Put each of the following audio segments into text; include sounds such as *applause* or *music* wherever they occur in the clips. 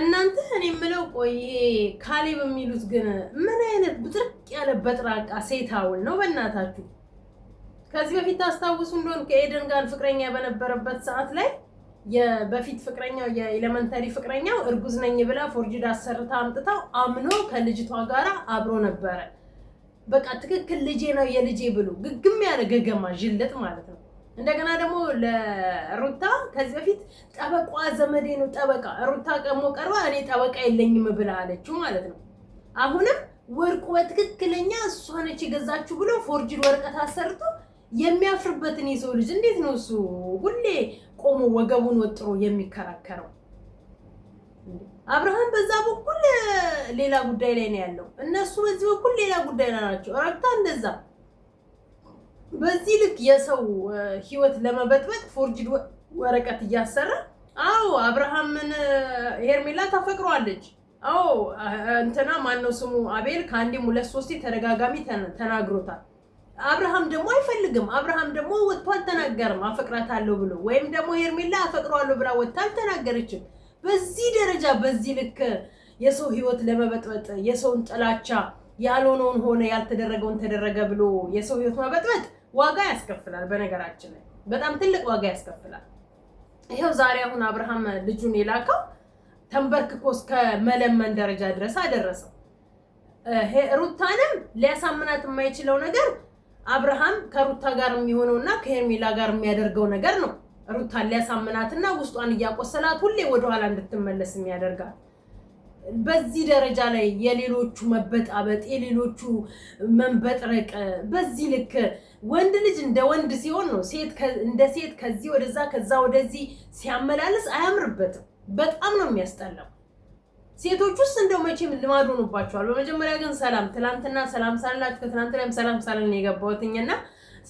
እናንተ እኔ የምለው ቆይ ካሌ በሚሉት ግን ምን አይነት ብጥርቅ ያለ በጥራቃ ሴታውል ነው? በእናታችሁ ከዚህ በፊት ታስታውሱ እንደሆን ከኤደን ጋር ፍቅረኛ በነበረበት ሰዓት ላይ በፊት ፍቅረኛው የኤሌመንተሪ ፍቅረኛው እርጉዝ ነኝ ብላ ፎርጅድ አሰርታ አምጥታው አምኖ ከልጅቷ ጋር አብሮ ነበረ። በቃ ትክክል ልጄ ነው የልጄ ብሎ ግግም ያለ ገገማ ዥልጥ ማለት ነው። እንደገና ደግሞ ለሩታ ከዚህ በፊት ጠበቋ ዘመዴ ነው ጠበቃ ሩታ ቀሞ ቀርባ እኔ ጠበቃ የለኝም ብላ አለችው ማለት ነው። አሁንም ወርቁ በትክክለኛ እሷ ነች የገዛችሁ ብሎ ፎርጅድ ወረቀት አሰርቶ የሚያፍርበትን የሰው ልጅ እንዴት ነው እሱ ሁሌ ቆሞ ወገቡን ወጥሮ የሚከራከረው? አብርሃም በዛ በኩል ሌላ ጉዳይ ላይ ነው ያለው፣ እነሱ በዚህ በኩል ሌላ ጉዳይ ላይ ናቸው። ሩታ እንደዛ በዚህ ልክ የሰው ህይወት ለመበጥበጥ ፎርጅድ ወረቀት እያሰራ አዎ፣ አብርሃምን ሄርሜላ ታፈቅሯለች። አዎ እንትና ማነው ስሙ አቤል ከአንዴም ሁለት ሶስቴ ተደጋጋሚ ተናግሮታል። አብርሃም ደግሞ አይፈልግም። አብርሃም ደግሞ ወጥቶ አልተናገርም አፈቅራታለሁ ብሎ ወይም ደግሞ ሄርሜላ አፈቅረዋለሁ ብላ ወጥታ አልተናገረችም። በዚህ ደረጃ በዚህ ልክ የሰው ህይወት ለመበጥበጥ የሰውን ጥላቻ ያልሆነውን ሆነ ያልተደረገውን ተደረገ ብሎ የሰው ህይወት መበጥበጥ ዋጋ ያስከፍላል። በነገራችን ላይ በጣም ትልቅ ዋጋ ያስከፍላል። ይሄው ዛሬ አሁን አብርሃም ልጁን የላከው ተንበርክኮ እስከ መለመን ደረጃ ድረስ አደረሰው። ሩታንም ሊያሳምናት የማይችለው ነገር አብርሃም ከሩታ ጋር የሚሆነውና ከሄርሜላ ጋር የሚያደርገው ነገር ነው። ሩታን ሊያሳምናትና ውስጧን እያቆሰላት ሁሌ ወደኋላ እንድትመለስ የሚያደርጋል። በዚህ ደረጃ ላይ የሌሎቹ መበጣበጥ የሌሎቹ መንበጥረቅ በዚህ ልክ ወንድ ልጅ እንደ ወንድ ሲሆን ነው ሴት እንደ ሴት ከዚህ ወደዛ ከዛ ወደዚህ ሲያመላልስ አያምርበትም። በጣም ነው የሚያስጠላው። ሴቶች ውስጥ እንደው መቼም ልማድ ሆኖባቸዋል። በመጀመሪያ ግን ሰላም ትናንትና ሰላም ሳልላችሁ ከትናንት ላይም ሰላም ሳልን የገባሁትኝና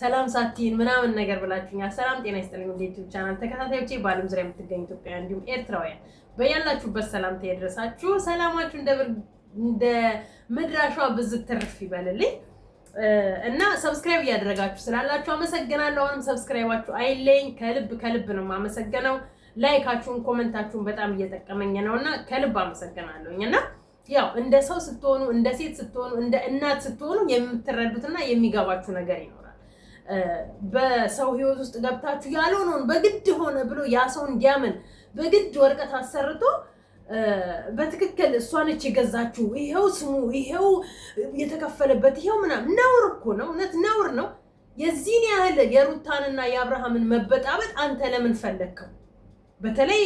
ሰላም ሳቲን ምናምን ነገር ብላችሁኛል። ሰላም ጤና ይስጥልኝ። ወደ ዩቲዩብ ቻናል ተከታታዮቼ በዓለም ዙሪያ የምትገኙ ኢትዮጵያ እንዲሁም ኤርትራውያን በያላችሁበት ሰላምታ ይድረሳችሁ። ሰላማችሁ እንደ ምድራሿ ብዝት ትርፍ ይበልልኝ እና ሰብስክራይብ እያደረጋችሁ ስላላችሁ አመሰግናለሁ። አሁንም ሰብስክራይባችሁ አይለኝ። ከልብ ከልብ ነው የማመሰገነው። ላይካችሁን ኮመንታችሁን በጣም እየጠቀመኝ ነው እና ከልብ አመሰግናለሁኝ እና ያው እንደ ሰው ስትሆኑ እንደ ሴት ስትሆኑ እንደ እናት ስትሆኑ የምትረዱትና የሚገባችሁ ነገር ነው። በሰው ህይወት ውስጥ ገብታችሁ ያልሆነውን በግድ ሆነ ብሎ ያ ሰው እንዲያምን በግድ ወረቀት አሰርቶ በትክክል እሷ ነች የገዛችሁ፣ ይሄው ስሙ፣ ይሄው የተከፈለበት፣ ይሄው ምናምን ነውር እኮ ነው። እውነት ነውር ነው። የዚህን ያህል የሩታንና የአብርሃምን መበጣበጥ አንተ ለምን ፈለግከው? በተለይ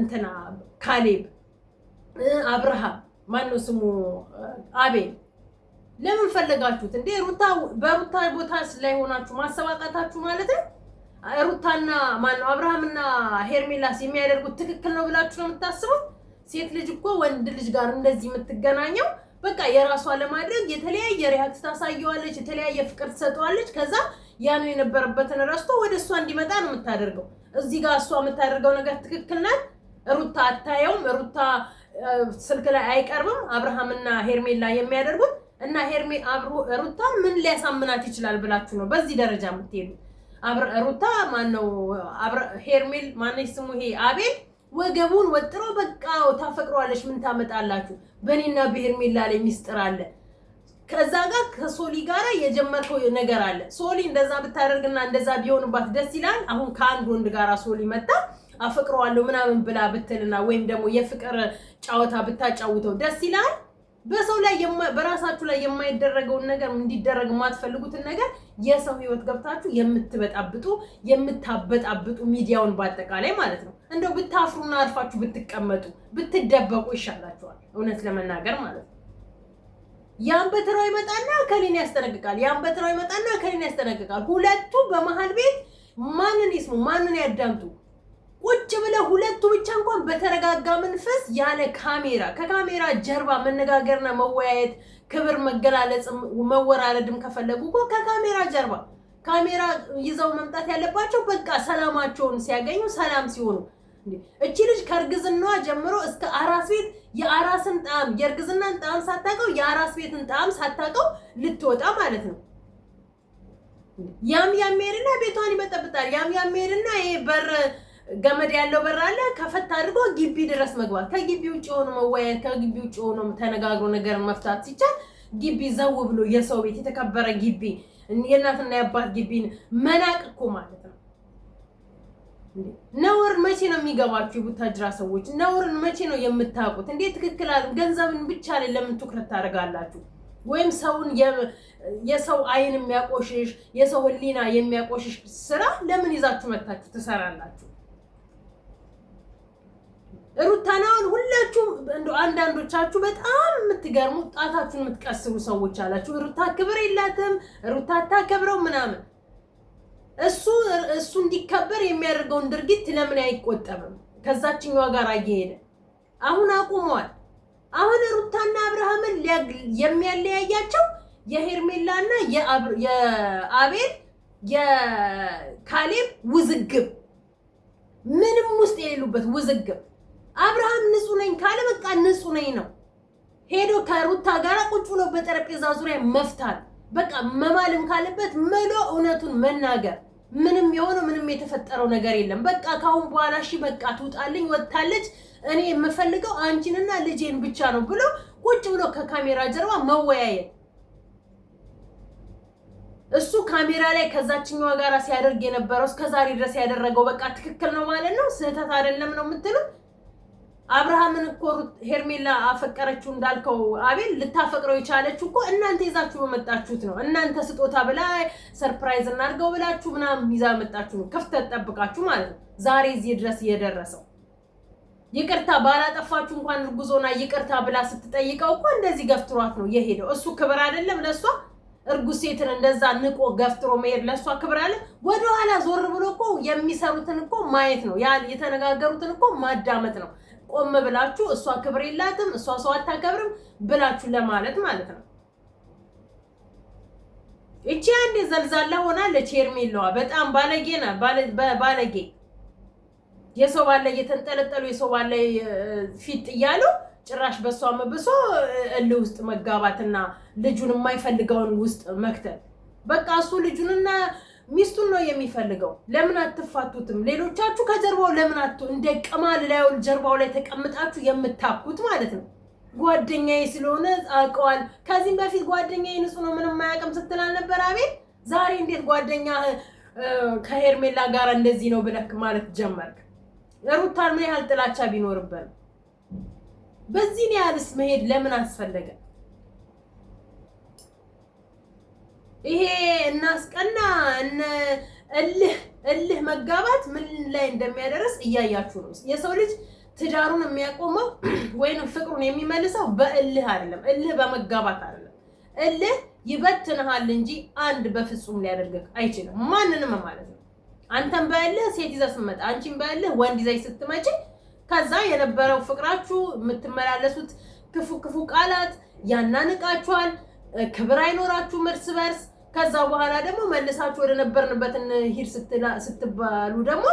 እንትና ካሌብ አብርሃም ማነው ስሙ አቤል ለምን ፈለጋችሁት እንዴ? ሩታ በሩታ ቦታ ላይ ሆናችሁ ማሰባቀታችሁ ማለት ነው። ሩታና ማነው አብርሃምና ሄርሜላስ የሚያደርጉት ትክክል ነው ብላችሁ ነው የምታስቡት? ሴት ልጅ እኮ ወንድ ልጅ ጋር እንደዚህ የምትገናኘው በቃ የራሷ ለማድረግ የተለያየ ሪያክት ታሳየዋለች፣ የተለያየ ፍቅር ትሰጠዋለች። ከዛ ያኑ የነበረበትን ረስቶ ወደ እሷ እንዲመጣ ነው የምታደርገው። እዚህ ጋር እሷ የምታደርገው ነገር ትክክል ናት። ሩታ አታየውም። ሩታ ስልክ ላይ አይቀርብም። አብርሃምና ሄርሜላ የሚያደርጉት እና ሄርሜ አብሮ ሩታ ምን ሊያሳምናት ይችላል ብላችሁ ነው በዚህ ደረጃ የምትሄዱ? ሩታ ማነው ሄርሜል ማነች ስሙ ይሄ አቤል ወገቡን ወጥሮ በቃ ታፈቅሯለች። ምን ታመጣላችሁ? በእኔና በሄርሜል ላይ ሚስጥር አለ። ከዛ ጋር ከሶሊ ጋር የጀመርከው ነገር አለ። ሶሊ እንደዛ ብታደርግና እንደዛ ቢሆንባት ደስ ይላል። አሁን ከአንድ ወንድ ጋራ ሶሊ መጣ አፈቅረዋለሁ ምናምን ብላ ብትልና ወይም ደግሞ የፍቅር ጨዋታ ብታጫውተው ደስ ይላል። በሰው ላይ በራሳችሁ ላይ የማይደረገውን ነገር እንዲደረግ የማትፈልጉትን ነገር የሰው ህይወት ገብታችሁ የምትበጣብጡ የምታበጣብጡ ሚዲያውን በአጠቃላይ ማለት ነው። እንደው ብታፍሩና አልፋችሁ ብትቀመጡ ብትደበቁ ይሻላችኋል፣ እውነት ለመናገር ማለት ነው። ያን በትራው ይመጣና ከሌን ያስጠነቅቃል፣ ያን በትራው ይመጣና ከሌን ያስጠነቅቃል። ሁለቱ በመሀል ቤት ማንን ይስሙ? ማንን ያዳምጡ? ቁጭ ብለህ ሁለቱ ብቻ እንኳን በተረጋጋ መንፈስ ያለ ካሜራ ከካሜራ ጀርባ መነጋገርና መወያየት ክብር መገላለጽ መወራረድም ከፈለጉ እኮ ከካሜራ ጀርባ ካሜራ ይዘው መምጣት ያለባቸው በቃ ሰላማቸውን ሲያገኙ ሰላም ሲሆኑ። እቺ ልጅ ከእርግዝናዋ ጀምሮ እስከ አራስ ቤት የአራስን ጣዕም የእርግዝናን ጣዕም ሳታውቀው የአራስ ቤትን ጣዕም ሳታውቀው ልትወጣ ማለት ነው። ያም ያም ሄድና ቤቷን ይበጠብጣል። ያም ያም ሄድና ይሄ በር ገመድ ያለው በር አለ። ከፈት አድርጎ ግቢ ድረስ መግባት፣ ከግቢ ውጭ የሆነ መወያየት፣ ከግቢ ውጭ የሆነ ተነጋግሮ ነገር መፍታት ሲቻል ግቢ ዘው ብሎ የሰው ቤት የተከበረ ግቢ የእናትና የአባት ግቢን መናቅ እኮ ማለት ነው። ነውር መቼ ነው የሚገባችሁ? የቡታጅራ ሰዎች ነውርን መቼ ነው የምታውቁት? እንዴት ትክክል አለ። ገንዘብን ብቻ ላይ ለምን ትኩረት ታደርጋላችሁ? ወይም ሰውን የሰው አይን የሚያቆሽሽ የሰው ህሊና የሚያቆሽሽ ስራ ለምን ይዛችሁ መታችሁ ትሰራላችሁ? ሩታናውን ሁላችሁም እንደ አንዳንዶቻችሁ በጣም የምትገርሙ ጣታችሁን የምትቀስሩ ሰዎች አላችሁ። ሩታ ክብር የላትም፣ ሩታ አታከብረው ምናምን። እሱ እሱ እንዲከበር የሚያደርገውን ድርጊት ለምን አይቆጠብም? ከዛችኛዋ ጋር እየሄደ አሁን አቁመዋል። አሁን ሩታና አብርሃምን የሚያለያያቸው የሄርሜላና የአቤል የካሌብ ውዝግብ ምንም ውስጥ የሌሉበት ውዝግብ አብርሃም ንጹህ ነኝ ካለ በቃ ንጹህ ነኝ ነው። ሄዶ ከሩታ ጋር ቁጭ ብሎ በጠረጴዛ ዙሪያ መፍታት በቃ መማልም ካለበት መሎ እውነቱን መናገር። ምንም የሆነው ምንም የተፈጠረው ነገር የለም። በቃ ካሁን በኋላ እሺ በቃ ትውጣልኝ፣ ወጥታለች፣ እኔ የምፈልገው አንቺንና ልጄን ብቻ ነው ብሎ ቁጭ ብሎ ከካሜራ ጀርባ መወያየት እሱ ካሜራ ላይ ከዛችኛዋ ጋር ሲያደርግ የነበረው እስከዛሬ ድረስ ያደረገው በቃ ትክክል ነው ማለት ነው፣ ስህተት አይደለም ነው የምትሉት? አብርሃምን እኮ ሄርሜላ አፈቀረችው እንዳልከው አቤል ልታፈቅረው የቻለችው እኮ እናንተ ይዛችሁ በመጣችሁት ነው። እናንተ ስጦታ ብላ ሰርፕራይዝ እናድርገው ብላችሁ ምናምን ይዛ መጣችሁ ነው፣ ክፍተት ጠብቃችሁ ማለት ነው። ዛሬ እዚህ ድረስ እየደረሰው ይቅርታ ባላጠፋችሁ እንኳን እርጉዞና ይቅርታ ብላ ስትጠይቀው እኮ እንደዚህ ገፍትሯት ነው የሄደው። እሱ ክብር አይደለም ለእሷ እርጉዝ ሴትን እንደዛ ንቆ ገፍትሮ መሄድ ለእሷ ክብር አለ? ወደኋላ ዞር ብሎ እኮ የሚሰሩትን እኮ ማየት ነው፣ የተነጋገሩትን እኮ ማዳመጥ ነው። ቆም ብላችሁ እሷ ክብር የላትም እሷ ሰው አታከብርም ብላችሁ ለማለት ማለት ነው። እቺ አንድ ዘልዛላ ሆናለች። ሄርሜላዋ በጣም ባለጌ ናት። ባለጌ የሰው ባለ እየተንጠለጠሉ የሰው ባለ ፊት እያሉ ጭራሽ በሷ መብሶ እልህ ውስጥ መጋባትና ልጁን የማይፈልገውን ውስጥ መክተል በቃ እሱ ልጁንና ሚስቱን ነው የሚፈልገው። ለምን አትፋቱትም? ሌሎቻችሁ ከጀርባው ለምን አቱ እንደ ቅማል ላዩ ጀርባው ላይ ተቀምጣችሁ የምታኩት ማለት ነው። ጓደኛዬ ስለሆነ አውቀዋል። ከዚህም በፊት ጓደኛዬ ንጹህ ነው ምንም አያውቅም ስትል ነበር አቤት ዛሬ እንዴት ጓደኛ ከሄርሜላ ጋር እንደዚህ ነው ብለክ ማለት ጀመርክ። ሩታን ምን ያህል ጥላቻ ቢኖርብን በዚህ ያህልስ መሄድ ለምን አስፈለገ? ይሄ እናስቀና እልህ እልህ መጋባት ምን ላይ እንደሚያደርስ እያያችሁ ነው። የሰው ልጅ ትዳሩን የሚያቆመው *clears throat* ወይንም ፍቅሩን የሚመልሰው በእልህ አይደለም፣ እልህ በመጋባት አይደለም። እልህ ይበትንሃል እንጂ አንድ በፍጹም ሊያደርግህ አይችልም፣ ማንንም ማለት ነው። አንተም በእልህ ሴት ይዘህ ስትመጣ፣ አንቺም በእልህ ወንድ ይዘሽ ስትመጪ፣ ከዛ የነበረው ፍቅራችሁ የምትመላለሱት ክፉ ክፉ ቃላት ያናንቃችኋል። ክብር አይኖራችሁም እርስ በርስ ከዛ በኋላ ደግሞ መልሳችሁ ወደ ነበርንበት ሂድ ስትባሉ ደግሞ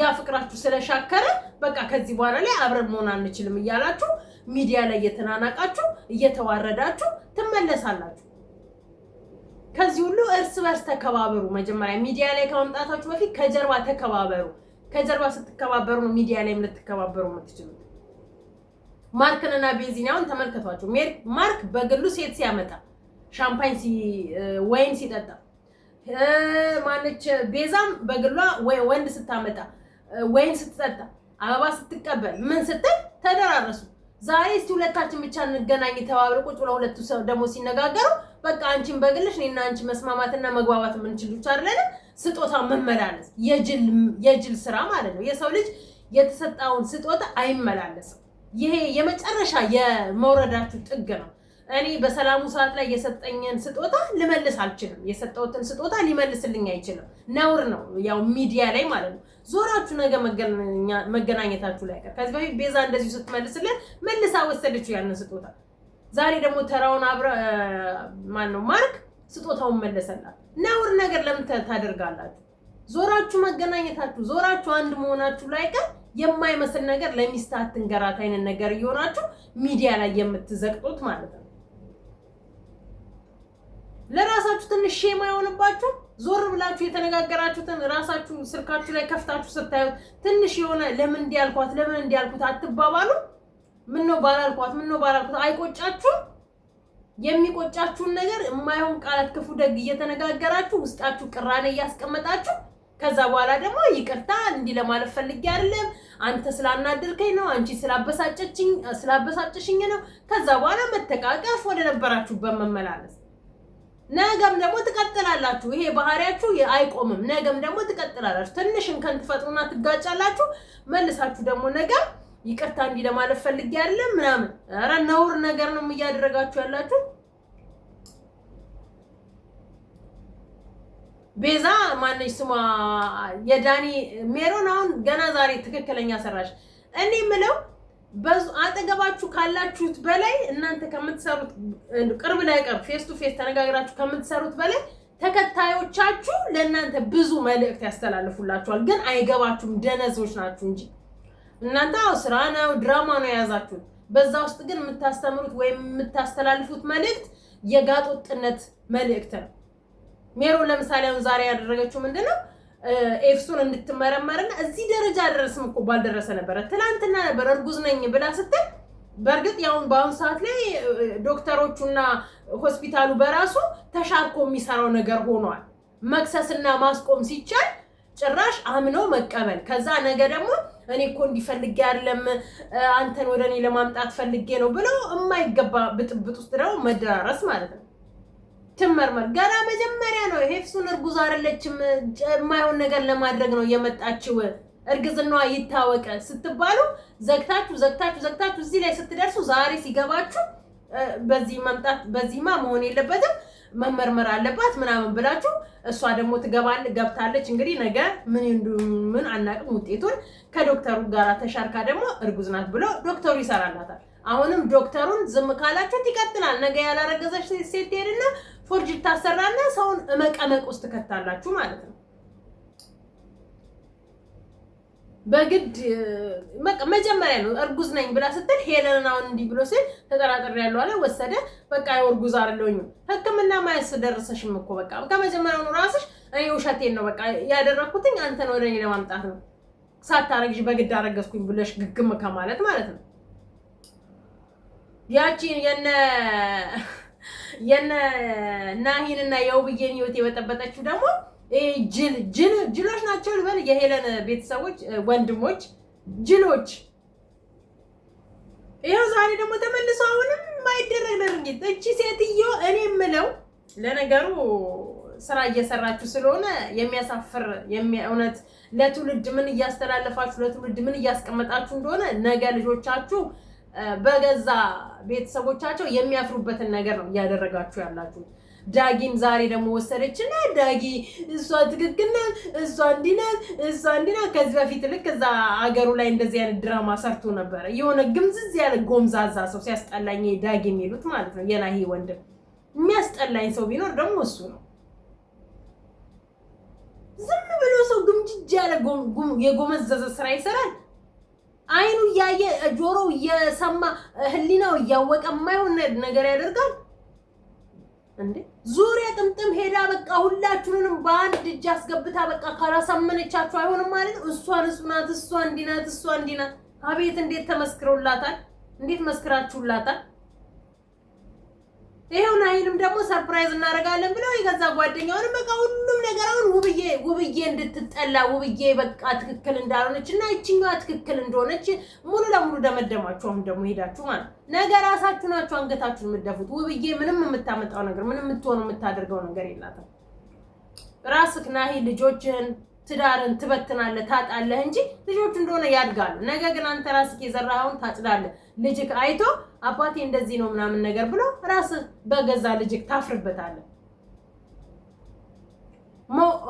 ያ ፍቅራችሁ ስለሻከረ በቃ ከዚህ በኋላ ላይ አብረን መሆን አንችልም እያላችሁ ሚዲያ ላይ እየተናናቃችሁ እየተዋረዳችሁ ትመለሳላችሁ። ከዚህ ሁሉ እርስ በርስ ተከባበሩ። መጀመሪያ ሚዲያ ላይ ከመምጣታችሁ በፊት ከጀርባ ተከባበሩ። ከጀርባ ስትከባበሩ ነው ሚዲያ ላይ ልትከባበሩ የምትችሉት። ማርክንና ቤዚን አሁን ተመልከቷቸው። ማርክ በግሉ ሴት ሲያመጣ ሻምፓኝ ወይን ሲጠጣ ማነች ቤዛም በግሏ ወንድ ስታመጣ ወይን ስትጠጣ አበባ ስትቀበል ምን ስትል ተደራረሱ። ዛሬ እስቲ ሁለታችን ብቻ እንገናኝ ተባብሎ ቁጭ ብለው ሁለቱ ሰው ደግሞ ሲነጋገሩ በቃ አንቺን በግልሽ እኔና አንቺ መስማማትና መግባባት የምንችል ብቻ አይደለም፣ ስጦታ መመላለስ የጅል ስራ ማለት ነው። የሰው ልጅ የተሰጣውን ስጦታ አይመላለስም። ይሄ የመጨረሻ የመውረዳችሁ ጥግ ነው። እኔ በሰላሙ ሰዓት ላይ የሰጠኝን ስጦታ ልመልስ አልችልም። የሰጠውትን ስጦታ ሊመልስልኝ አይችልም። ነውር ነው፣ ያው ሚዲያ ላይ ማለት ነው። ዞራችሁ ነገ መገናኘታችሁ ላይ ቀር። ከዚህ በፊት ቤዛ እንደዚሁ ስትመልስልን መልሳ ወሰደችው ያንን ስጦታ። ዛሬ ደግሞ ተራውን አብረ ማን ነው ማርክ ስጦታውን መለሰላት። ነውር ነገር ለምን ታደርጋላችሁ? ዞራችሁ መገናኘታችሁ፣ ዞራችሁ አንድ መሆናችሁ ላይ ቀር የማይመስል ነገር ለሚስት አትንገራት አይነት ነገር እየሆናችሁ ሚዲያ ላይ የምትዘቅጡት ማለት ነው። ለራሳችሁ ትንሽ ሼማ የሆነባችሁ ዞር ብላችሁ የተነጋገራችሁትን ራሳችሁ ስልካችሁ ላይ ከፍታችሁ ስታዩት ትንሽ የሆነ ለምን እንዲያልኳት ለምን እንዲያልኩት አትባባሉ። ነው ባላልኳት ነው ባላልኩት አይቆጫችሁም? የሚቆጫችሁን ነገር የማይሆን ቃላት፣ ክፉ ደግ እየተነጋገራችሁ ውስጣችሁ ቅራኔ እያስቀመጣችሁ ከዛ በኋላ ደግሞ ይቅርታ እንዲህ ለማለት ፈልጌ አይደለም፣ አንተ ስላናደርከኝ ነው፣ አንቺ ስላበሳጨችኝ ስላበሳጨሽኝ ነው። ከዛ በኋላ መተቃቀፍ፣ ወደ ነበራችሁበት መመላለስ ነገም ደግሞ ትቀጥላላችሁ። ይሄ ባህሪያችሁ አይቆምም። ነገም ደግሞ ትቀጥላላችሁ። ትንሽ እንከን ትፈጥሩና ትጋጫላችሁ። መልሳችሁ ደግሞ ነገም ይቅርታ እንዲህ ለማለት ፈልጌ አይደለም ምናምን። ኧረ ነውር ነገር ነው እያደረጋችሁ ያላችሁ። ቤዛ ማነች ስሟ የዳኒ ሜሮን አሁን ገና ዛሬ ትክክለኛ ሰራሽ። እኔ ምለው አጠገባችሁ ካላችሁት በላይ እናንተ ከምትሰሩት ቅርብ ላይ ቅርብ ፌስ ቱ ፌስ ተነጋግራችሁ ከምትሰሩት በላይ ተከታዮቻችሁ ለእናንተ ብዙ መልእክት ያስተላልፉላችኋል። ግን አይገባችሁም፣ ደነዞች ናችሁ እንጂ እናንተ አዎ ስራ ነው ድራማ ነው የያዛችሁት። በዛ ውስጥ ግን የምታስተምሩት ወይም የምታስተላልፉት መልእክት የጋጦጥነት መልእክት ነው። ሜሮን ለምሳሌ አሁን ዛሬ ያደረገችው ምንድን ነው? ኤፍሱን እንድትመረመርና እዚህ ደረጃ አደረስም እኮ ባልደረሰ ነበረ። ትናንትና ነበር እርጉዝ ነኝ ብላ ስትል በእርግጥ ያሁን በአሁኑ ሰዓት ላይ ዶክተሮቹና ሆስፒታሉ በራሱ ተሻርኮ የሚሰራው ነገር ሆኗል። መክሰስና ማስቆም ሲቻል ጭራሽ አምኖ መቀበል። ከዛ ነገ ደግሞ እኔ እኮ እንዲፈልጌ ያለም አንተን ወደ እኔ ለማምጣት ፈልጌ ነው ብለው የማይገባ ብጥብጥ ውስጥ ደግሞ መደራረስ ማለት ነው። ትመርመር። ገና መጀመሪያ ነው። ሄፍሱን እርጉዝ አይደለችም የማይሆን ነገር ለማድረግ ነው የመጣችው። እርግዝናዋ ይታወቀ ስትባሉ ዘግታችሁ ዘግታችሁ ዘግታችሁ እዚህ ላይ ስትደርሱ ዛሬ ሲገባችሁ በዚህ መምጣት በዚህማ መሆን የለበትም መመርመር አለባት ምናምን ብላችሁ እሷ ደግሞ ትገባል ገብታለች። እንግዲህ ነገ ምን ምን አናቅም ውጤቱን። ከዶክተሩ ጋር ተሻርካ ደግሞ እርጉዝ ናት ብሎ ዶክተሩ ይሰራላታል። አሁንም ዶክተሩን ዝም ካላችሁት ይቀጥላል። ነገ ያላረገዘች ሴት ሄድና ፎርጅ ታሰራና ሰውን እመቀመቅ ውስጥ ከታላችሁ ማለት ነው። በግድ መጀመሪያ ነው እርጉዝ ነኝ ብላ ስትል ሄለንን አሁን እንዲህ ብሎ ሲል ተጠራጥሬ ያለው አለ ወሰደ። በቃ እርጉዝ አይደለሁኝ ሕክምና ማያስ ደረሰሽም እኮ በቃ ከመጀመሪያውኑ ራስሽ እኔ ውሸቴን ነው በቃ ያደረኩትኝ አንተን ወደ እኔ ለማምጣት ነው ሳታረግሽ በግድ አረገዝኩኝ ብለሽ ግግም ከማለት ማለት ነው ያቺ የነ የናሂን እና የውብዬን ህይወት የበጠበጠችው ደግሞ ጅል ጅል ጅሎች ናቸው ልበል፣ የሄለን ቤተሰቦች ወንድሞች ጅሎች። ይኸው ዛሬ ደግሞ ተመልሶ አሁንም ማይደረግ ድርጊት። እቺ ሴትዮ እኔ የምለው ለነገሩ ስራ እየሰራችሁ ስለሆነ የሚያሳፍር እውነት ለትውልድ ምን እያስተላለፋችሁ ለትውልድ ምን እያስቀመጣችሁ እንደሆነ ነገ ልጆቻችሁ በገዛ ቤተሰቦቻቸው የሚያፍሩበትን ነገር ነው እያደረጋችሁ ያላችሁ። ዳጊም ዛሬ ደግሞ ወሰደችና ዳጊ እሷ ትክክል ናት፣ እሷ እንዲህ ናት፣ እሷ እንዲህ ናት። ከዚህ በፊት ልክ እዛ አገሩ ላይ እንደዚህ አይነት ድራማ ሰርቶ ነበረ። የሆነ ግምዝዝ ያለ ጎምዛዛ ሰው ሲያስጠላኝ፣ ዳጊ የሚሉት ማለት ነው የናሂ ወንድም። የሚያስጠላኝ ሰው ቢኖር ደግሞ እሱ ነው። ዝም ብሎ ሰው ግምጅጅ ያለ የጎመዘዘ ስራ ይሰራል። አይኑ እያየ ጆሮው እየሰማ ህሊናው እያወቀ የማይሆን ነገር ያደርጋል እንዴ? ዙሪያ ጥምጥም ሄዳ በቃ ሁላችሁንም በአንድ እጅ አስገብታ በቃ ካላሳመነቻችሁ አይሆንም ማለት እሷን እሱናት ናት፣ እሷ እንዲህ ናት፣ እሷ እንዲህ ናት። አቤት እንዴት ተመስክረውላታል! እንዴት መስክራችሁላታል! ይሄው ናሂንም ደግሞ ሰርፕራይዝ እናደርጋለን ብለው የገዛ ጓደኛውንም በቃ ሁሉም ነገር አሁን ውብዬ ውብዬ እንድትጠላ ውብዬ በቃ ትክክል እንዳልሆነች እና ይችኛዋ ትክክል እንደሆነች ሙሉ ለሙሉ ደመደማችሁ። አሁን ደግሞ ሄዳችሁ ማለት ነገ ራሳችሁ ናችሁ አንገታችሁን የምትደፉት። ውብዬ ምንም የምታመጣው ነገር ምንም የምትሆነው የምታደርገው ነገር የላትም። ራስክ ናሂ ልጆችህን ትዳርን ትበትናለህ፣ ታጣለህ እንጂ ልጆች እንደሆነ ያድጋሉ። ነገ ግን አንተ ራስህ የዘራኸውን ታጭዳለህ። ልጅክ አይቶ አባቴ እንደዚህ ነው ምናምን ነገር ብሎ ራስህ በገዛ ልጅክ ታፍርበታለህ።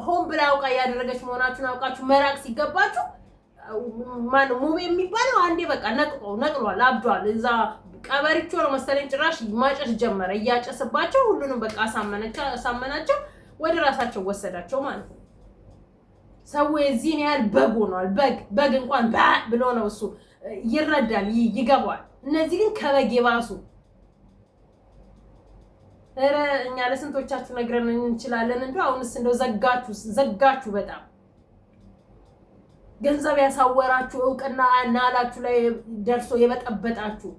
ሆን ብላ አውቃ እያደረገች መሆናችሁን አውቃችሁ መራቅ ሲገባችሁ ማነው ሙቤ የሚባለው አንዴ በቃ ነቅሎ ነቅሏል፣ አብዷል። እዛ ቀበሪቾ ነው መሰለኝ ጭራሽ ማጨስ ጀመረ። እያጨስባቸው ሁሉንም በቃ አሳመናቸው፣ ወደ ራሳቸው ወሰዳቸው ማለት ነው። ሰው የዚህን ያህል በግ ሆኗል። በግ በግ እንኳን ብሎ ነው እሱ ይረዳል፣ ይገባዋል። እነዚህ ግን ከበግ የባሱ ኧረ እኛ ለስንቶቻችሁ ነግረን እንችላለን። እንደው አሁንስ እንደው ዘጋችሁ ዘጋችሁ። በጣም ገንዘብ ያሳወራችሁ እውቅና ናላችሁ ላይ ደርሶ የበጠበጣችሁ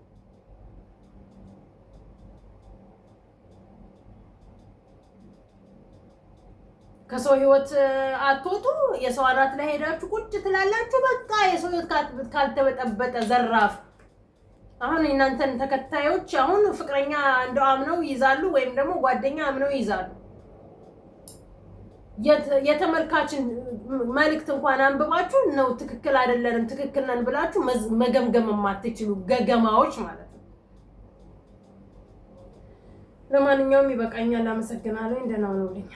ከሰው ህይወት አትወጡ። የሰው አራት ላይ ሄዳችሁ ቁጭ ትላላችሁ። በቃ የሰው ህይወት ካልተበጠበጠ ዘራፍ። አሁን እናንተን ተከታዮች አሁን ፍቅረኛ እንደው አምነው ይይዛሉ፣ ወይም ደግሞ ጓደኛ አምነው ይይዛሉ። የተመልካችን መልእክት እንኳን አንብባችሁ ነው ትክክል አይደለንም ትክክል ነን ብላችሁ መገምገም የማትችሉ ገገማዎች ማለት ነው። ለማንኛውም ይበቃኛል። አመሰግናለሁ። ደህና ሁኑልኝ።